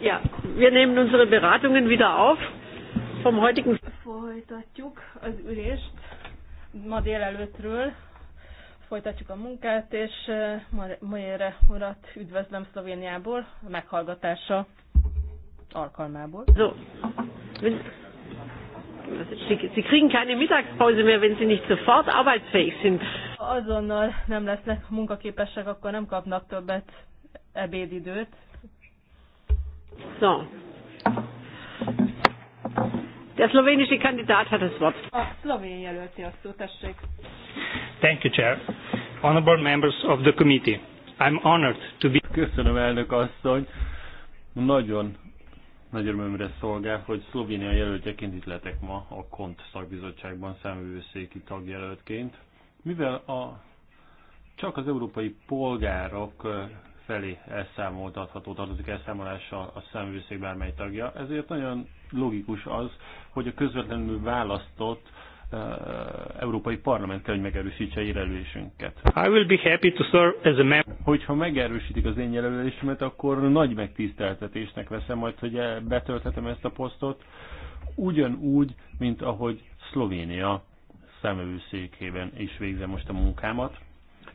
Ja, wir nehmen unsere Beratungen wieder auf vom heutigen. Folytatjuk az ülést ma délelőttről. Folytatjuk a munkát, és Majére urat üdvözlöm Szlovéniából, a meghallgatása alkalmából. So. Sie, Sie kriegen keine Mittagspause mehr, wenn Sie nicht sofort arbeitsfähig sind. Ha azonnal nem lesznek munkaképesek, akkor nem kapnak többet ebédidőt. So. Der slovenische Kandidat hat das Wort. A szlovén jelölti a szó, tessék. Thank you, Chair. Honorable members of the committee. I'm honored to be... Köszönöm, elnök asszony. Nagyon nagy örömömre szolgál, hogy Szlovénia jelöltjeként itt letek ma a KONT szakbizottságban számvőszéki tagjelöltként. Mivel a, csak az európai polgárok felé elszámoltatható tartozik elszámolása a számvőszék bármely tagja, ezért nagyon logikus az, hogy a közvetlenül választott Európai Parlament kell, hogy megerősítse jelölésünket. I will be happy to serve as a member. Hogyha megerősítik az én jelölésemet, akkor nagy megtiszteltetésnek veszem majd, hogy e- betölthetem ezt a posztot, ugyanúgy, mint ahogy Szlovénia számövőszékében is végzem most a munkámat.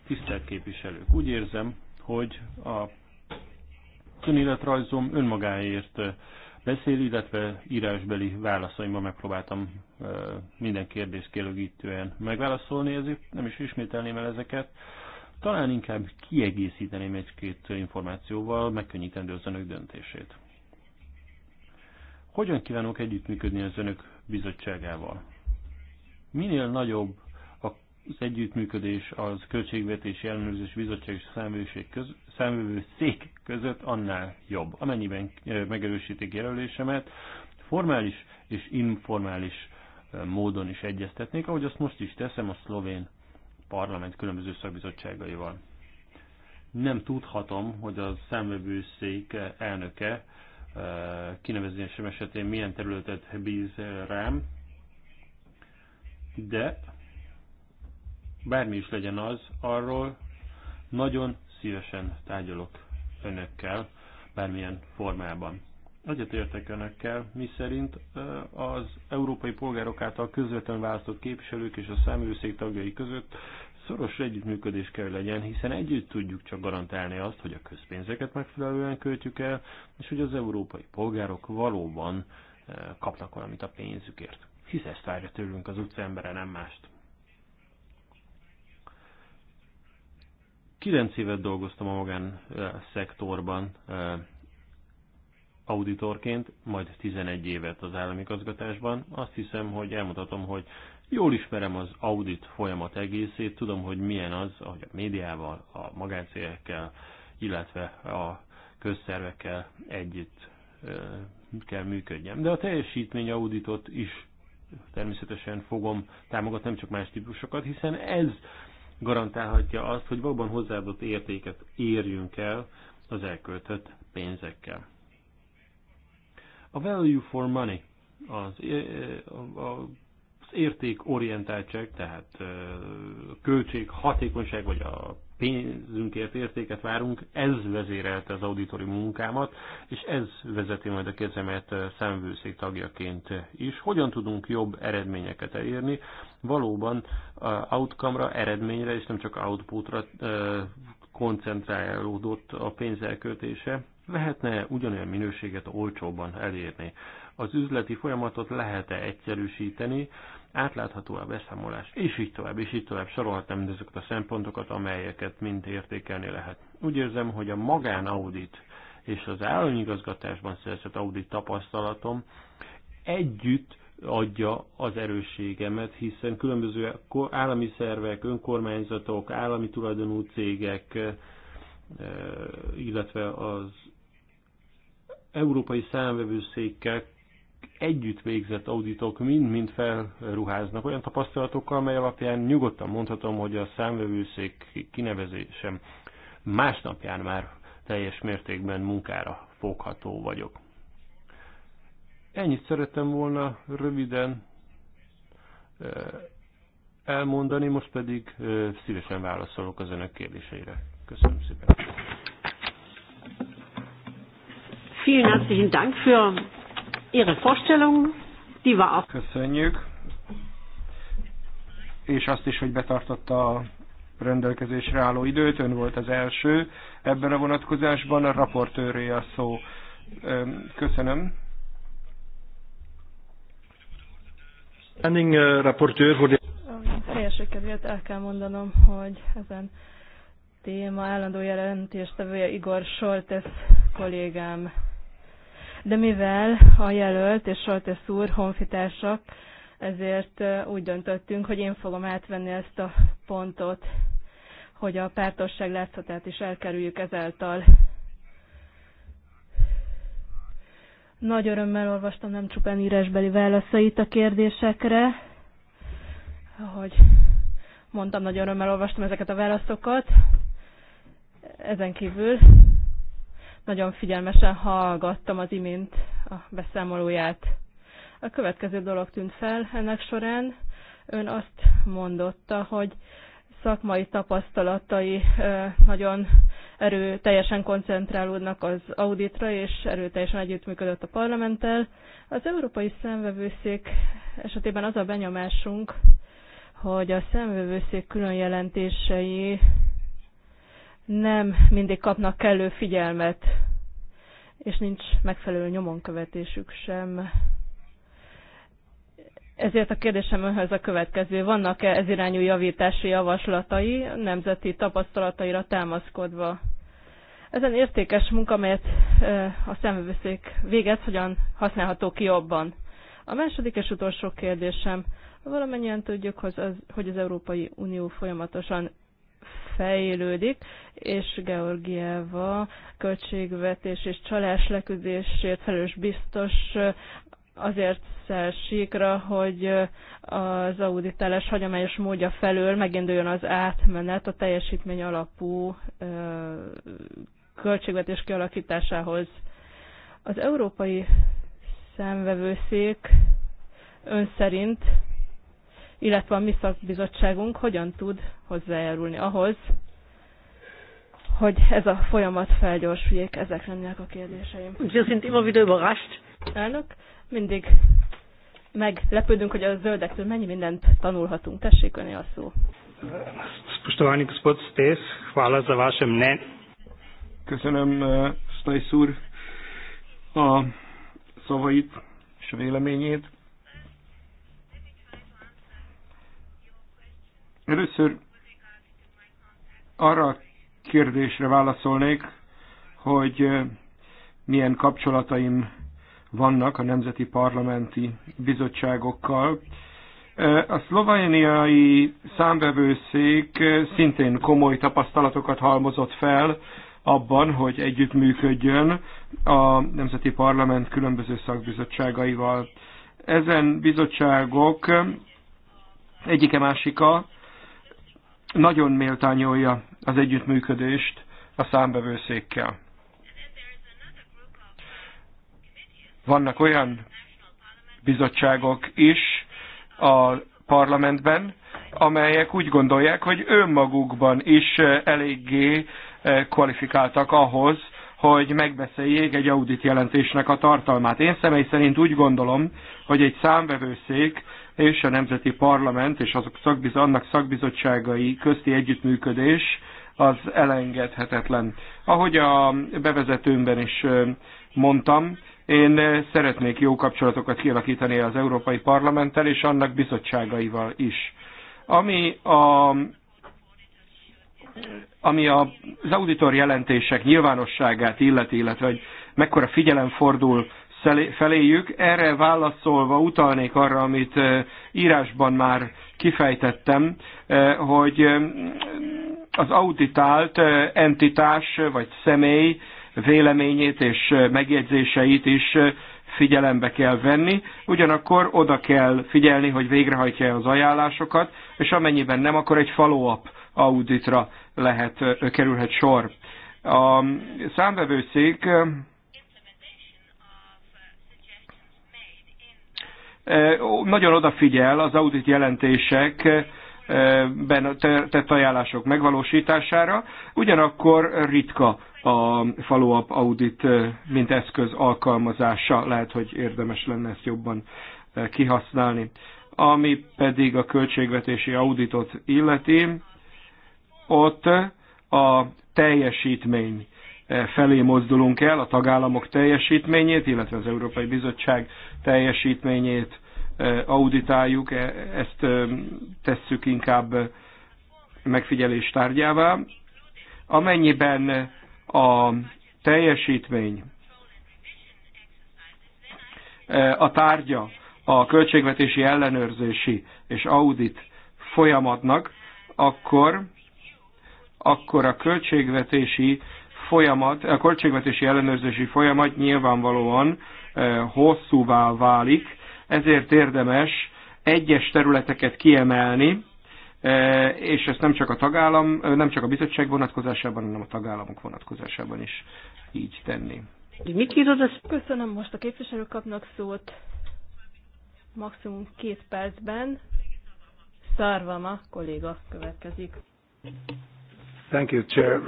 Tisztelt képviselők, úgy érzem, hogy a önéletrajzom önmagáért beszél, illetve írásbeli válaszaimban megpróbáltam minden kérdést kielőgítően megválaszolni, ezért nem is ismételném el ezeket. Talán inkább kiegészíteném egy-két információval, megkönnyítendő az önök döntését. Hogyan kívánok együttműködni az önök bizottságával? Minél nagyobb az együttműködés az Költségvetési Ellenőrzés Bizottság és számvőség szék között annál jobb, amennyiben eh, megerősítik jelölésemet, formális és informális eh, módon is egyeztetnék, ahogy azt most is teszem a szlovén parlament különböző szakbizottságaival. Nem tudhatom, hogy a számvevőszék eh, elnöke kinevezésem esetén milyen területet bíz rám, de bármi is legyen az, arról nagyon szívesen tárgyalok önökkel, bármilyen formában. Egyetértek önökkel, mi szerint az európai polgárok által közvetlen választott képviselők és a száműszék tagjai között szoros együttműködés kell legyen, hiszen együtt tudjuk csak garantálni azt, hogy a közpénzeket megfelelően költjük el, és hogy az európai polgárok valóban kapnak valamit a pénzükért hisz ezt várja tőlünk az utcaembere, nem mást. Kilenc évet dolgoztam a magán szektorban auditorként, majd 11 évet az állami közgatásban. Azt hiszem, hogy elmutatom, hogy jól ismerem az audit folyamat egészét, tudom, hogy milyen az, hogy a médiával, a magáncégekkel, illetve a közszervekkel együtt kell működjem. De a teljesítmény auditot is természetesen fogom támogatni nem csak más típusokat, hiszen ez garantálhatja azt, hogy valóban hozzáadott értéket érjünk el az elköltött pénzekkel. A value for money, az, az értékorientáltság, tehát a költség, hatékonyság vagy a pénzünkért értéket várunk, ez vezérelte az auditori munkámat, és ez vezeti majd a kezemet számvőszék tagjaként is. Hogyan tudunk jobb eredményeket elérni? Valóban outcome-ra, eredményre, és nem csak outputra koncentrálódott a pénzelköltése, Lehetne ugyanolyan minőséget olcsóban elérni? Az üzleti folyamatot lehet-e egyszerűsíteni? átlátható a beszámolás, és így tovább, és így tovább sorolhatnám mindezeket a szempontokat, amelyeket mind értékelni lehet. Úgy érzem, hogy a magánaudit és az állami igazgatásban szerzett audit tapasztalatom együtt adja az erősségemet, hiszen különböző állami szervek, önkormányzatok, állami tulajdonú cégek, eh, illetve az európai számvevőszékek együtt végzett auditok mind-mind felruháznak olyan tapasztalatokkal, mely alapján nyugodtan mondhatom, hogy a számvevőszék kinevezésem másnapján már teljes mértékben munkára fogható vagyok. Ennyit szerettem volna röviden elmondani, most pedig szívesen válaszolok az önök kérdéseire. Köszönöm szépen. Vielen herzlichen Dank für Ihre Vorstellung, die war auch. Köszönjük. És azt is, hogy betartotta a rendelkezésre álló időt, ön volt az első ebben a vonatkozásban, a raportőré a szó. Köszönöm. Enning uh, raportőr, hogy... Teljesen kedvéért el kell mondanom, hogy ezen téma állandó jelentéstevője Igor Soltes kollégám de mivel a jelölt és Soltesz úr honfitársak, ezért úgy döntöttünk, hogy én fogom átvenni ezt a pontot, hogy a pártosság látszatát is elkerüljük ezáltal. Nagy örömmel olvastam nem csupán írásbeli válaszait a kérdésekre, ahogy mondtam, nagy örömmel olvastam ezeket a válaszokat. Ezen kívül nagyon figyelmesen hallgattam az imént a beszámolóját. A következő dolog tűnt fel ennek során. Ön azt mondotta, hogy szakmai tapasztalatai nagyon erő, teljesen koncentrálódnak az auditra, és erőteljesen együttműködött a parlamenttel. Az Európai Szemvevőszék esetében az a benyomásunk, hogy a szemvevőszék külön jelentései nem mindig kapnak kellő figyelmet, és nincs megfelelő nyomonkövetésük sem. Ezért a kérdésem önhöz a következő. Vannak-e ez irányú javítási javaslatai nemzeti tapasztalataira támaszkodva? Ezen értékes munka, amelyet a szemvőszék végez, hogyan használható ki jobban? A második és utolsó kérdésem. Valamennyien tudjuk, hogy az Európai Unió folyamatosan fejlődik, és Georgiáva költségvetés és csalás leküzdésért felelős biztos azért síkra, hogy az auditálás hagyományos módja felől meginduljon az átmenet a teljesítmény alapú költségvetés kialakításához. Az európai szemvevőszék ön szerint illetve a mi szakbizottságunk hogyan tud hozzájárulni ahhoz, hogy ez a folyamat felgyorsuljék. Ezek lennének a kérdéseim. Wir sind immer wieder überrascht. Elnök, mindig meglepődünk, hogy a zöldektől mennyi mindent tanulhatunk. Tessék öné a szó. Spoštovani gospod Stész, hvala za vaše mnen. Köszönöm, eh, Stajsz úr, a szavait és a véleményét. Először arra a kérdésre válaszolnék, hogy milyen kapcsolataim vannak a nemzeti parlamenti bizottságokkal. A szlovéniai számvevőszék szintén komoly tapasztalatokat halmozott fel abban, hogy együttműködjön a Nemzeti Parlament különböző szakbizottságaival. Ezen bizottságok egyike másika nagyon méltányolja az együttműködést a számbevőszékkel. Vannak olyan bizottságok is a parlamentben, amelyek úgy gondolják, hogy önmagukban is eléggé eh, kvalifikáltak ahhoz, hogy megbeszéljék egy audit jelentésnek a tartalmát. Én személy szerint úgy gondolom, hogy egy számvevőszék és a Nemzeti Parlament és azok szakbiz, annak szakbizottságai közti együttműködés az elengedhetetlen. Ahogy a bevezetőmben is mondtam, én szeretnék jó kapcsolatokat kialakítani az Európai Parlamenttel és annak bizottságaival is. Ami a ami a, az auditor jelentések nyilvánosságát illeti, illetve hogy mekkora figyelem fordul feléjük. Erre válaszolva utalnék arra, amit írásban már kifejtettem, hogy az auditált entitás vagy személy véleményét és megjegyzéseit is figyelembe kell venni, ugyanakkor oda kell figyelni, hogy végrehajtja az ajánlásokat, és amennyiben nem, akkor egy follow-up auditra lehet, kerülhet sor. A számvevőszék nagyon odafigyel az audit jelentések ben tett ajánlások megvalósítására, ugyanakkor ritka a follow-up audit, mint eszköz alkalmazása, lehet, hogy érdemes lenne ezt jobban kihasználni. Ami pedig a költségvetési auditot illeti, ott a teljesítmény felé mozdulunk el, a tagállamok teljesítményét, illetve az Európai Bizottság teljesítményét auditáljuk, e, ezt tesszük inkább megfigyelés tárgyává. Amennyiben a teljesítmény a tárgya a költségvetési ellenőrzési és audit folyamatnak, akkor, akkor a költségvetési folyamat, a költségvetési ellenőrzési folyamat nyilvánvalóan eh, hosszúvá válik, ezért érdemes egyes területeket kiemelni, eh, és ezt nem csak a tagállam, eh, nem csak a bizottság vonatkozásában, hanem a tagállamok vonatkozásában is így tenni. Köszönöm, most a képviselők kapnak szót maximum két percben. Szarvama kolléga következik. Thank you, Chair.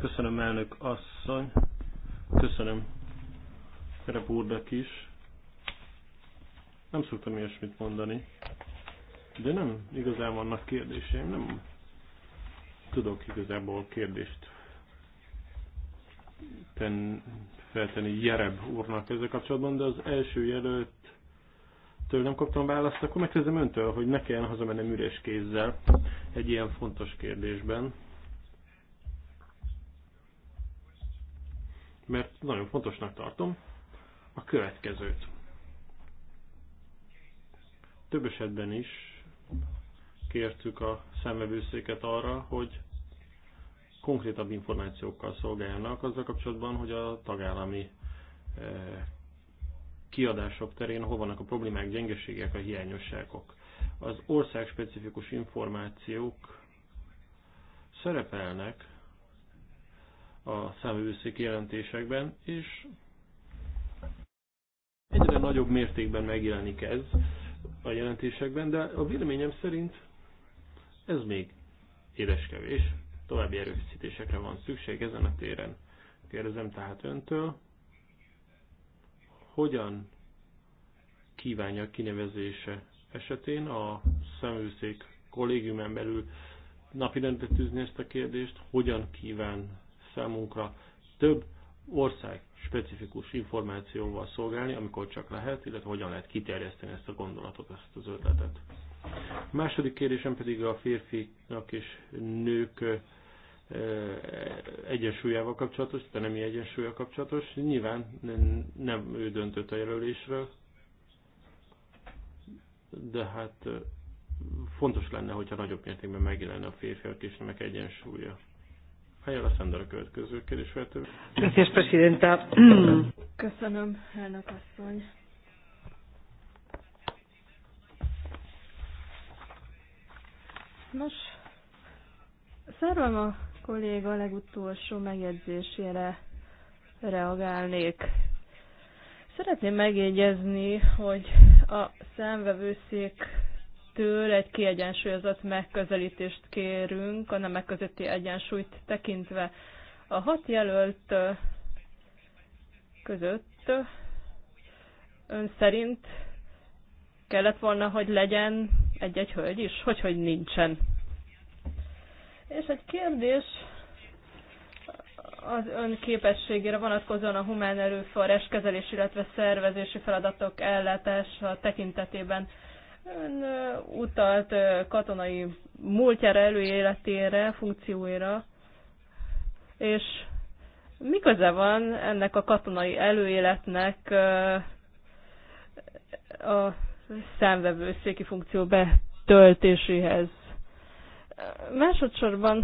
Köszönöm, elnök asszony. Köszönöm Repúrnak is. Nem szoktam ilyesmit mondani. De nem igazán vannak kérdéseim, nem tudok igazából kérdést ten, feltenni Jereb úrnak ezzel kapcsolatban, de az első jelölt től nem kaptam választ, akkor megkérdezem öntől, hogy ne kelljen hazamennem üres kézzel egy ilyen fontos kérdésben. mert nagyon fontosnak tartom a következőt. Több esetben is kértük a szemvevőszéket arra, hogy konkrétabb információkkal szolgáljanak azzal kapcsolatban, hogy a tagállami eh, kiadások terén hol vannak a problémák, gyengeségek, a hiányosságok. Az országspecifikus információk szerepelnek a számövőszék jelentésekben, és egyre nagyobb mértékben megjelenik ez a jelentésekben, de a véleményem szerint ez még édes kevés. További erőfeszítésekre van szükség ezen a téren. Kérdezem tehát öntől, hogyan kívánja kinevezése esetén a szemőszék kollégiumen belül napirendre tűzni ezt a kérdést, hogyan kíván számunkra több ország specifikus információval szolgálni, amikor csak lehet, illetve hogyan lehet kiterjeszteni ezt a gondolatot, ezt az ötletet. A második kérdésem pedig a férfiak és nők egyensúlyával kapcsolatos, de nem egyensúlyával kapcsolatos. Nyilván nem ő döntött a jelölésről, de hát fontos lenne, hogyha nagyobb mértékben megjelenne a férfiak és nemek egyensúlya következő Presidenta. Köszönöm, elnök asszony. Nos, Szervem a kolléga legutolsó megjegyzésére reagálnék. Szeretném megjegyezni, hogy a szemvevőszék keresztül egy kiegyensúlyozott megközelítést kérünk, a nemek közötti egyensúlyt tekintve. A hat jelölt között ön szerint kellett volna, hogy legyen egy-egy hölgy is? Hogy, hogy nincsen? És egy kérdés az ön képességére vonatkozóan a humán erőforrás kezelés, illetve szervezési feladatok ellátása tekintetében Ön utalt katonai múltjára, előéletére, funkcióira, és mi köze van ennek a katonai előéletnek a számvevőszéki funkció betöltéséhez? Másodszorban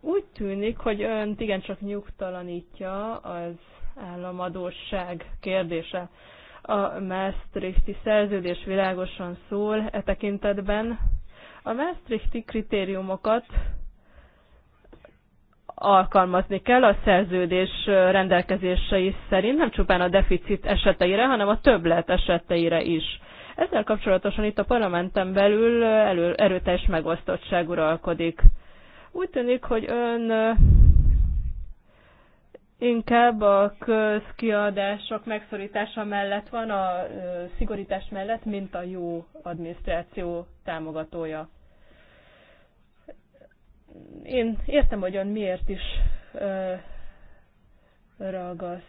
úgy tűnik, hogy önt igencsak nyugtalanítja az államadóság kérdése. A Maastrichti szerződés világosan szól e tekintetben. A Maastrichti kritériumokat alkalmazni kell a szerződés rendelkezései szerint, nem csupán a deficit eseteire, hanem a többlet eseteire is. Ezzel kapcsolatosan itt a parlamenten belül erőteljes megosztottság uralkodik. Úgy tűnik, hogy ön inkább a közkiadások megszorítása mellett van, a szigorítás mellett, mint a jó adminisztráció támogatója. Én értem, hogy ön miért is ragaszkodik,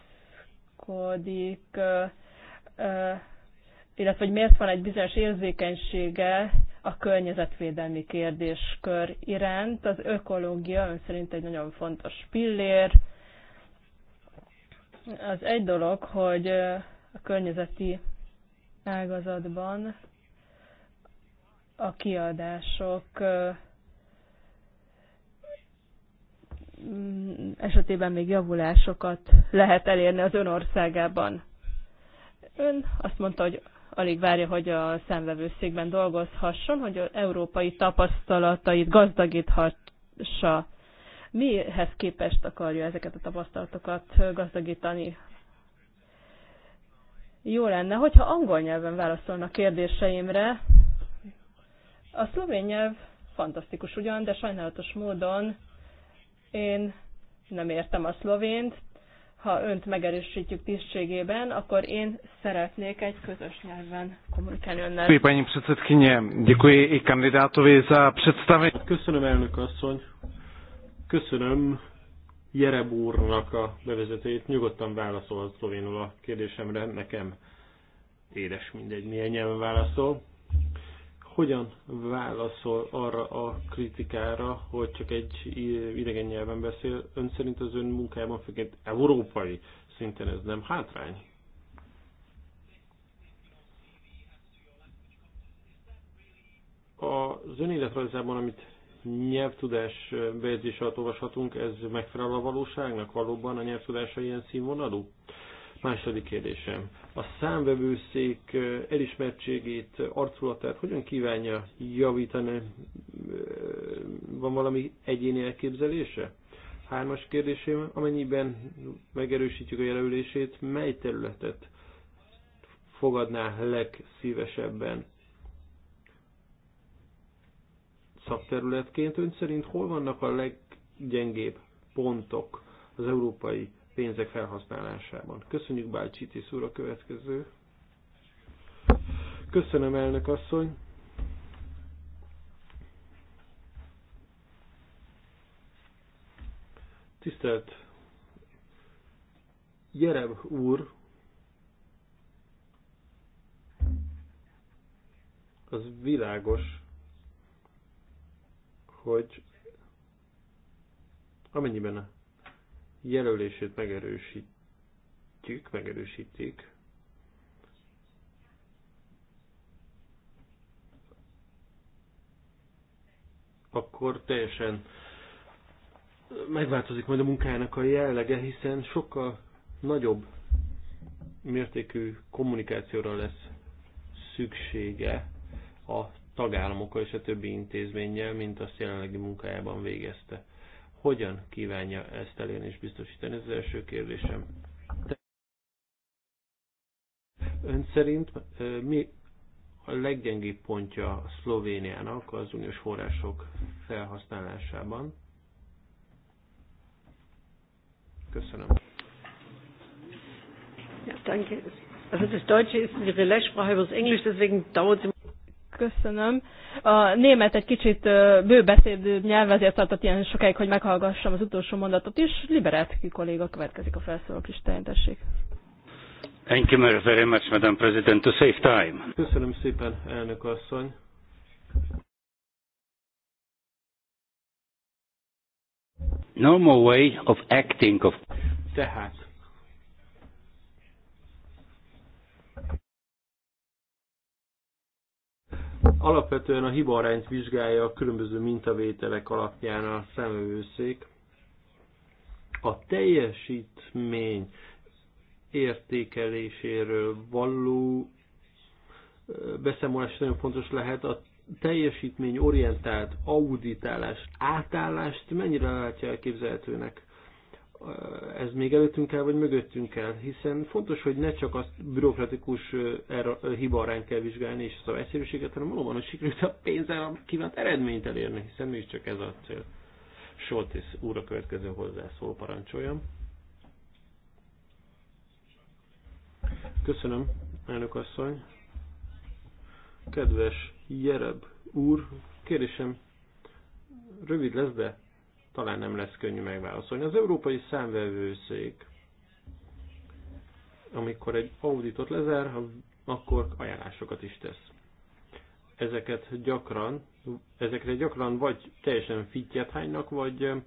illetve hogy miért van egy bizonyos érzékenysége a környezetvédelmi kérdéskör iránt. Az ökológia ön szerint egy nagyon fontos pillér, az egy dolog, hogy a környezeti ágazatban a kiadások mm, esetében még javulásokat lehet elérni az ön országában. Ön azt mondta, hogy alig várja, hogy a szemvevőszékben dolgozhasson, hogy az európai tapasztalatait gazdagíthassa mihez képest akarja ezeket a tapasztalatokat gazdagítani. Jó lenne, hogyha angol nyelven válaszolna kérdéseimre. A szlovén nyelv fantasztikus ugyan, de sajnálatos módon én nem értem a szlovént. Ha önt megerősítjük tisztségében, akkor én szeretnék egy közös nyelven kommunikálni önnel. Köszönöm, paní předsedkyně. Děkuji i kandidátovi za představení. Köszönöm, elnök asszony. Köszönöm Jereb úrnak a bevezetőjét. Nyugodtan válaszol szlovénul a kérdésemre. Nekem édes mindegy, milyen nyelven válaszol. Hogyan válaszol arra a kritikára, hogy csak egy idegen nyelven beszél? Ön szerint az ön munkájában, főként európai szinten ez nem hátrány? Az ön életrajzában, amit nyelvtudás alatt olvashatunk, ez megfelel a valóságnak? Valóban a nyelvtudása ilyen színvonalú? Második kérdésem. A számvevőszék elismertségét, arculatát hogyan kívánja javítani? Van valami egyéni elképzelése? Hármas kérdésem, amennyiben megerősítjük a jelölését, mely területet fogadná legszívesebben szakterületként. Ön szerint hol vannak a leggyengébb pontok az európai pénzek felhasználásában? Köszönjük Bálcsitis úr a következő. Köszönöm elnök asszony. Tisztelt Jereb úr, az világos, hogy amennyiben a jelölését megerősítjük, megerősítik, akkor teljesen megváltozik majd a munkájának a jellege, hiszen sokkal nagyobb mértékű kommunikációra lesz szüksége a tagállamokkal és a többi intézménnyel, mint azt jelenlegi munkájában végezte. Hogyan kívánja ezt elérni és biztosítani? Ez az első kérdésem. Ön szerint mi a leggyengébb pontja a Szlovéniának az uniós források felhasználásában? Köszönöm. Ja, danke. Also das Deutsche ist ihre Lehrsprache über das Englisch, deswegen dauert es Köszönöm. A német egy kicsit bőbeszéd nyelv, ezért tartott ilyen sokáig, hogy meghallgassam az utolsó mondatot is. ki kolléga következik a felszólalók kis tessék. Thank you very much, Madam President, to save time. Köszönöm szépen, elnök asszony. Normal way of acting of... Tehát Alapvetően a hibarányt vizsgálja a különböző mintavételek alapján a szemövőszék. A teljesítmény értékeléséről való beszámolás nagyon fontos lehet. A teljesítmény orientált auditálás átállást mennyire látja elképzelhetőnek? ez még előttünk kell, vagy mögöttünk el, hiszen fontos, hogy ne csak a bürokratikus hibarány kell vizsgálni és az a egyszerűséget hanem valóban, hogy sikerült a pénzzel a kívánt eredményt elérni, hiszen mi is csak ez a cél. Soltis úr a következő hozzászól, parancsoljam. Köszönöm, elnök asszony. Kedves Jereb úr, kérésem, rövid lesz, de talán nem lesz könnyű megválaszolni. Az Európai Számvevőszék, amikor egy auditot lezár, akkor ajánlásokat is tesz. Ezeket gyakran, ezekre gyakran vagy teljesen fittyet hánynak, vagy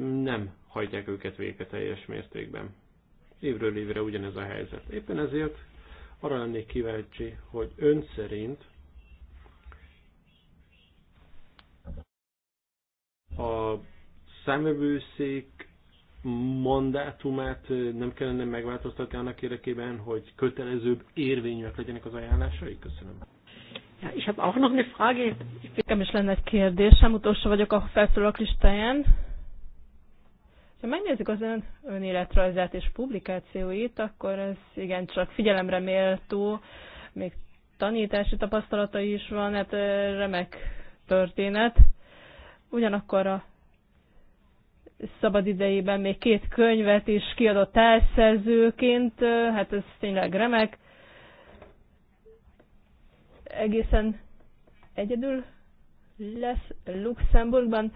nem hajtják őket végre teljes mértékben. Évről évre ugyanez a helyzet. Éppen ezért arra lennék kíváncsi, hogy ön szerint a számövőszék mandátumát nem kellene megváltoztatni annak érdekében, hogy kötelezőbb érvényűek legyenek az ajánlásai? Köszönöm. Ja, és hát, ahonnan mi eine Frage. Nekem is lenne egy kérdésem, utolsó vagyok a felszólalók listáján. Ha megnézzük az ön, önéletrajzát és publikációit, akkor ez igencsak figyelemre méltó, még tanítási tapasztalatai is van, hát remek történet. Ugyanakkor a szabadidejében még két könyvet is kiadott elszerzőként, hát ez tényleg remek. Egészen egyedül lesz Luxemburgban.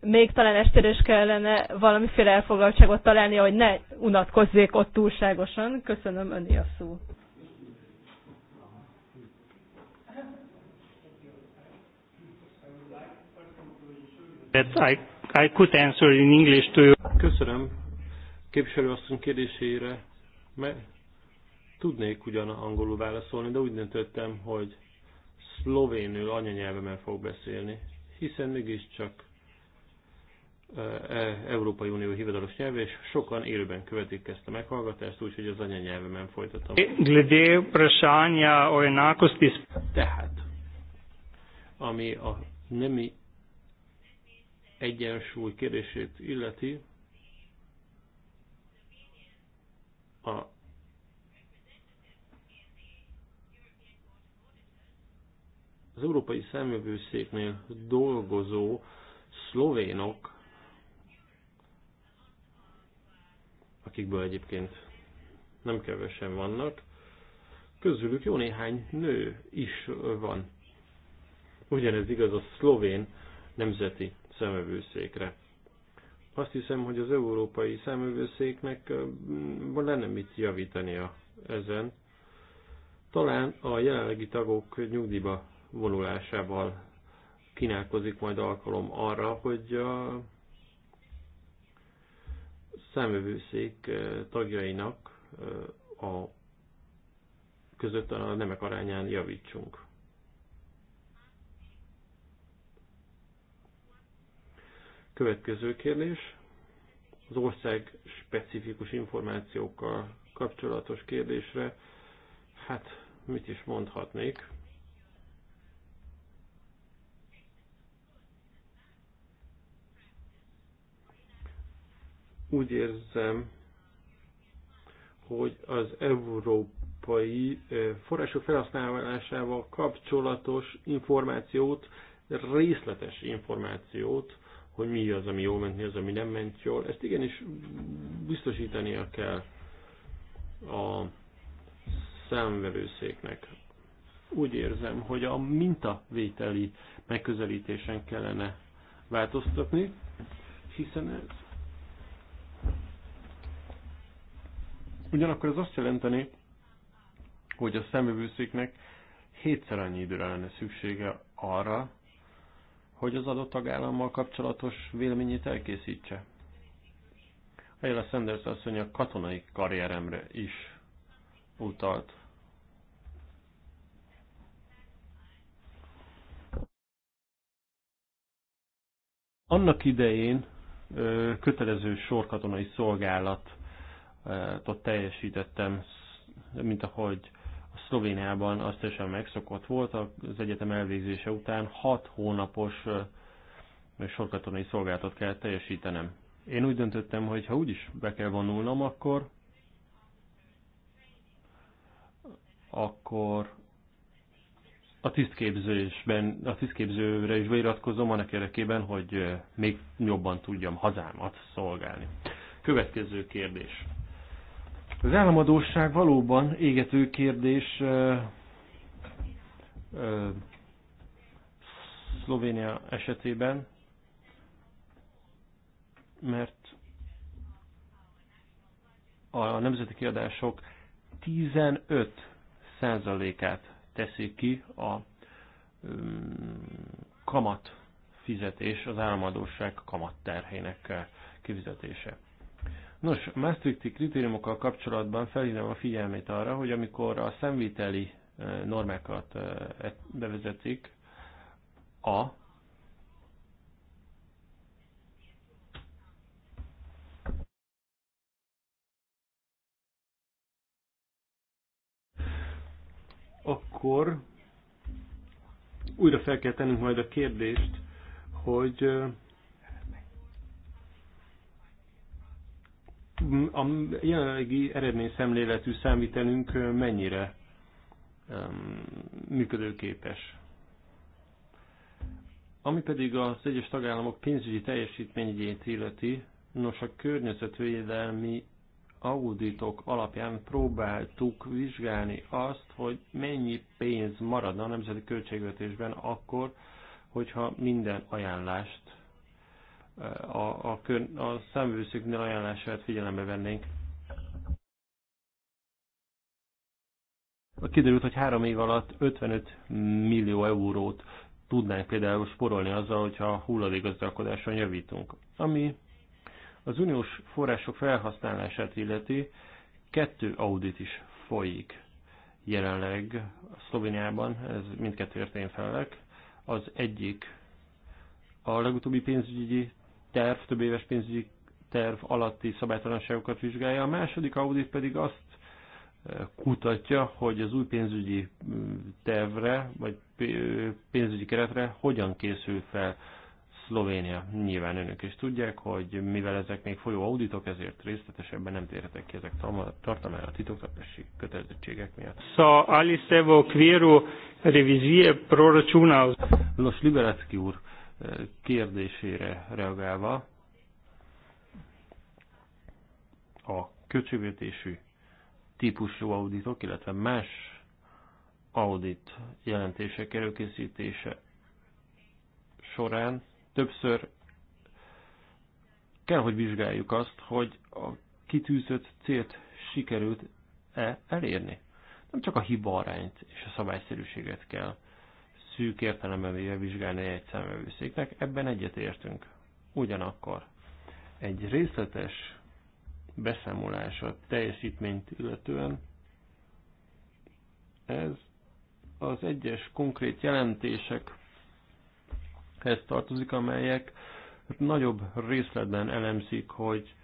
Még talán estére is kellene valamiféle elfoglaltságot találni, hogy ne unatkozzék ott túlságosan. Köszönöm öni a szó. that I, I could answer in English to you. Köszönöm. Képviselő asszony kérdésére mert tudnék ugyan angolul válaszolni, de úgy döntöttem, hogy szlovénül anyanyelvemen fog beszélni, hiszen mégiscsak e, e, Európai Unió hivatalos nyelve, és sokan élőben követik ezt a meghallgatást, úgyhogy az anyanyelvemen folytatom. Tehát, ami a nemi egyensúly kérdését illeti, a az Európai Szemjövőszéknél dolgozó szlovénok, akikből egyébként nem kevesen vannak, közülük jó néhány nő is van. Ugyanez igaz a szlovén nemzeti szemövőszékre. Azt hiszem, hogy az európai szemövőszéknek lenne mit javítania ezen. Talán a jelenlegi tagok nyugdíjba vonulásával kínálkozik majd alkalom arra, hogy a szemövőszék tagjainak a közöttan a nemek arányán javítsunk. Következő kérdés. Az ország specifikus információkkal kapcsolatos kérdésre, hát mit is mondhatnék? Úgy érzem, hogy az európai források felhasználásával kapcsolatos információt, részletes információt hogy mi az, ami jól ment, mi az, ami nem ment jól. Ezt igenis biztosítania kell a számvevőszéknek. Úgy érzem, hogy a mintavételi megközelítésen kellene változtatni, hiszen ez ugyanakkor ez azt jelenteni, hogy a szemövőszéknek hétszer annyi időre lenne szüksége arra, hogy az adott tagállammal kapcsolatos véleményét elkészítse. Ayla Sanders asszony a katonai karrieremre is utalt. Annak idején kötelező sorkatonai szolgálatot teljesítettem, mint ahogy Szlovéniában azt teljesen megszokott volt, az egyetem elvégzése után 6 hónapos sorkatonai szolgálatot kell teljesítenem. Én úgy döntöttem, hogy ha úgyis be kell vonulnom, akkor akkor a tisztképzésben, a tisztképzőre is beiratkozom annak érdekében, hogy még jobban tudjam hazámat szolgálni. Következő kérdés. Az államadóság valóban égető kérdés Szlovénia esetében, mert a nemzeti kiadások 15%-át teszik ki a kamat fizetés, az államadóság terhének kifizetése. Nos, a Maastrichti kritériumokkal kapcsolatban felhívom a figyelmét arra, hogy amikor a szemviteli eh, normákat eh, bevezetik, a akkor újra fel kell tennünk majd a kérdést, hogy eh, a jelenlegi eredmény szemléletű számítelünk mennyire működőképes. Ami pedig az egyes tagállamok pénzügyi teljesítményét illeti, nos a környezetvédelmi auditok alapján próbáltuk vizsgálni azt, hogy mennyi pénz maradna a nemzeti költségvetésben akkor, hogyha minden ajánlást a, a, kör, a szemvőszüknél ajánlását figyelembe vennénk. Kiderült, hogy három év alatt 55 millió eurót tudnánk például sporolni azzal, hogyha hulladékgazdálkodáson javítunk. Ami az uniós források felhasználását illeti, kettő audit is folyik jelenleg Szlovéniában, ez mindkettőért én felelek. Az egyik a legutóbbi pénzügyi terv, több éves pénzügyi terv alatti szabálytalanságokat vizsgálja, a második audit pedig azt eh, kutatja, hogy az új pénzügyi mm, tervre, vagy pénzügyi keretre hogyan készül fel Szlovénia. Nyilván önök is tudják, hogy mivel ezek még folyó auditok, ezért részletesebben nem térhetek ki ezek tartalmára a titoktatási kötelezettségek miatt. Szó, Alice Evo, v okviru revizije proračuna. Los Liberacki úr kérdésére reagálva, a költségvetésű típusú auditok, illetve más audit jelentések előkészítése során többször kell, hogy vizsgáljuk azt, hogy a kitűzött célt sikerült-e elérni. Nem csak a hiba arányt és a szabályszerűséget kell szűk értelemben véve vizsgálni egy számövőszéknek, ebben egyetértünk. Ugyanakkor egy részletes beszámolása teljesítményt illetően ez az egyes konkrét jelentésekhez tartozik, amelyek nagyobb részletben elemzik, hogy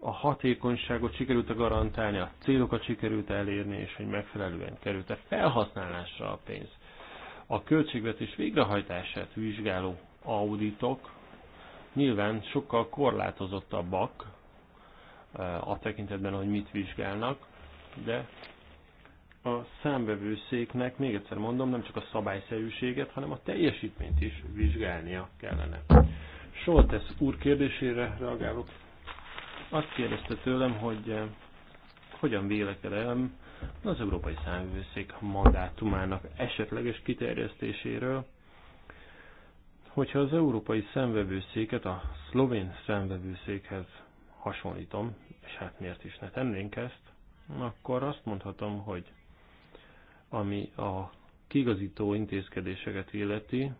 a hatékonyságot sikerült-e garantálni, a célokat sikerült -e elérni, és hogy megfelelően került-e felhasználásra a pénz. A költségvetés végrehajtását vizsgáló auditok nyilván sokkal korlátozottabbak e, a tekintetben, hogy mit vizsgálnak, de a számbevőszéknek, még egyszer mondom, nem csak a szabályszerűséget, hanem a teljesítményt is vizsgálnia kellene. Soltesz úr kérdésére reagálok. Azt kérdezte tőlem, hogy e, hogyan vélekedem az Európai Számvőszék mandátumának esetleges kiterjesztéséről, hogyha az Európai Számvevőszéket a szlovén számvevőszékhez hasonlítom, és hát miért is ne tennénk ezt, akkor azt mondhatom, hogy ami a kigazító intézkedéseket illeti,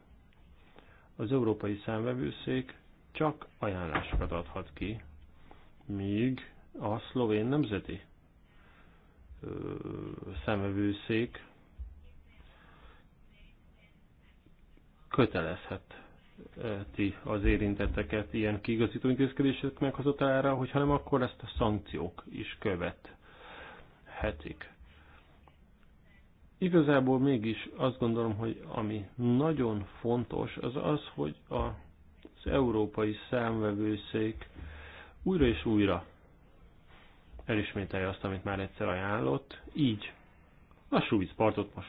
az Európai Számvevőszék csak ajánlásokat adhat ki, míg a szlovén nemzeti szemövőszék kötelezhet ti az érintetteket ilyen kiigazító intézkedések meghozatára, hogyha nem, akkor ezt a szankciók is követhetik. Igazából mégis azt gondolom, hogy ami nagyon fontos, az az, hogy az európai számvevőszék újra és újra elismételje azt, amit már egyszer ajánlott, így lassú vízpartot most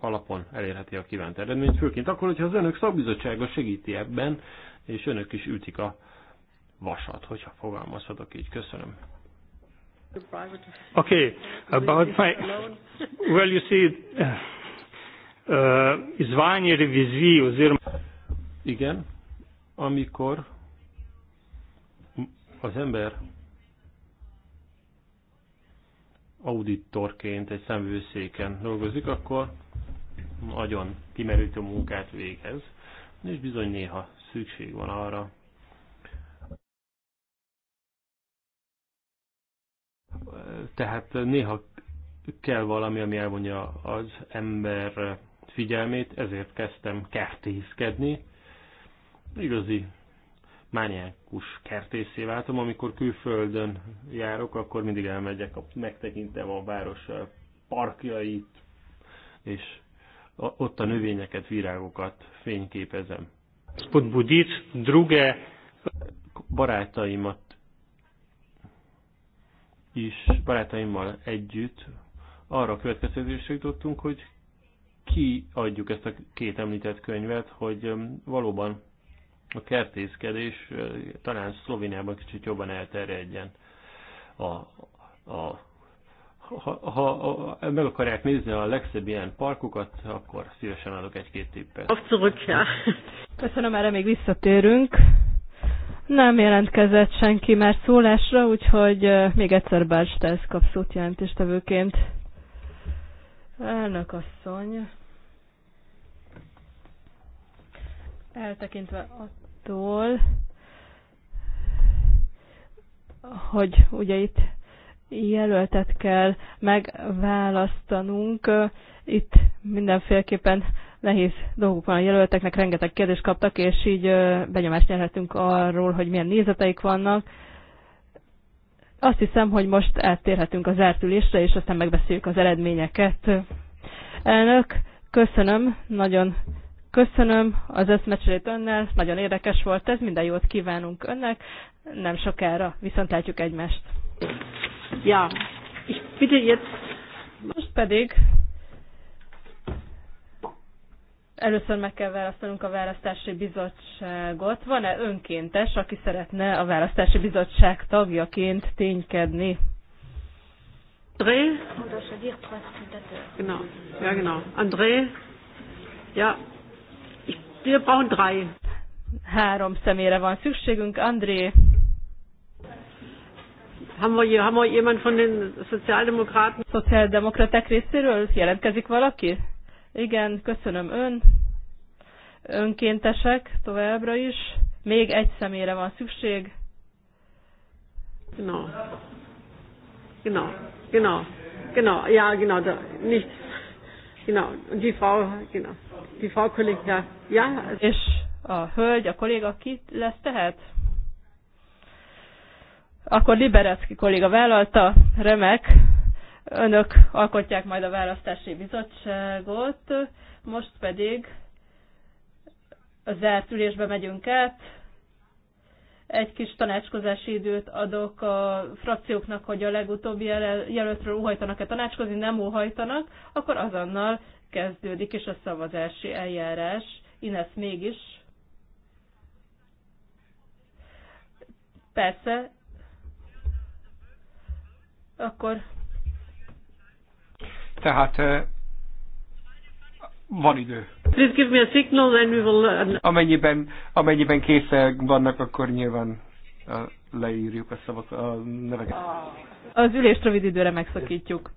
alapon elérheti a kívánt eredményt, főként akkor, hogyha az önök szakbizottsága segíti ebben, és önök is ütik a vasat, hogyha fogalmazhatok így. Köszönöm. Okay, about my, well you see, uh, izvanje Igen, amikor az ember auditorként egy szemvőszéken dolgozik, akkor nagyon kimerítő munkát végez, és bizony néha szükség van arra, tehát néha kell valami, ami elvonja az ember figyelmét, ezért kezdtem kertészkedni. Igazi mániákus kertészé váltam, amikor külföldön járok, akkor mindig elmegyek, megtekintem a város parkjait, és ott a növényeket, virágokat fényképezem. Spodbudit, druge... Barátaimat is, barátaimmal együtt arra következtetésre jutottunk, hogy kiadjuk ezt a két említett könyvet, hogy um, valóban a kertészkedés talán Szlovéniában kicsit jobban elterjedjen. A, a, ha, ha, ha meg akarják nézni a legszebb ilyen parkokat, akkor szívesen adok egy-két tippet. Abszolút, ja. Köszönöm, erre még visszatérünk. Nem jelentkezett senki már szólásra, úgyhogy még egyszer Bárstelsz kapszót jelentéstevőként. Elnök asszony. Eltekintve attól, hogy ugye itt jelöltet kell megválasztanunk. Itt mindenféleképpen nehéz dolguk van a jelölteknek, rengeteg kérdést kaptak, és így benyomást nyerhetünk arról, hogy milyen nézeteik vannak. Azt hiszem, hogy most eltérhetünk az ártülésre, és aztán megbeszéljük az eredményeket. Elnök, köszönöm, nagyon Köszönöm az összmecserét önnel, nagyon érdekes volt ez, minden jót kívánunk önnek, nem sokára viszont látjuk egymást. Ja, ich bitte jetzt... Most pedig először meg kell választanunk a választási bizottságot. Van-e önkéntes, aki szeretne a választási bizottság tagjaként ténykedni? André? Genau. Ja, genau. André? Ja, Wir brauchen drei. Három személyre van szükségünk. André. Haben wir, haben wir jemand von den Sozialdemokraten? Sozialdemokraták részéről jelentkezik valaki? Igen, köszönöm ön. Önkéntesek továbbra is. Még egy személyre van szükség. Genau. Genau. Genau. Genau. Ja, genau. Da, nicht. Genau. Und die Frau, genau die Frau Kollegin, ja. És a hölgy, a kolléga ki lesz tehet? Akkor Liberecki kolléga vállalta, remek. Önök alkotják majd a választási bizottságot, most pedig a zárt ülésbe megyünk át. Egy kis tanácskozási időt adok a frakcióknak, hogy a legutóbbi jelöltről óhajtanak-e tanácskozni, nem óhajtanak, akkor azonnal kezdődik, és a szavazási eljárás. Ines mégis. Persze. Akkor. Tehát eh, van idő. Please give me a signal, then we will... Uh, amennyiben, amennyiben készek vannak, akkor nyilván eh, leírjuk a szavak, a neveket. Az ülést rövid időre megszakítjuk.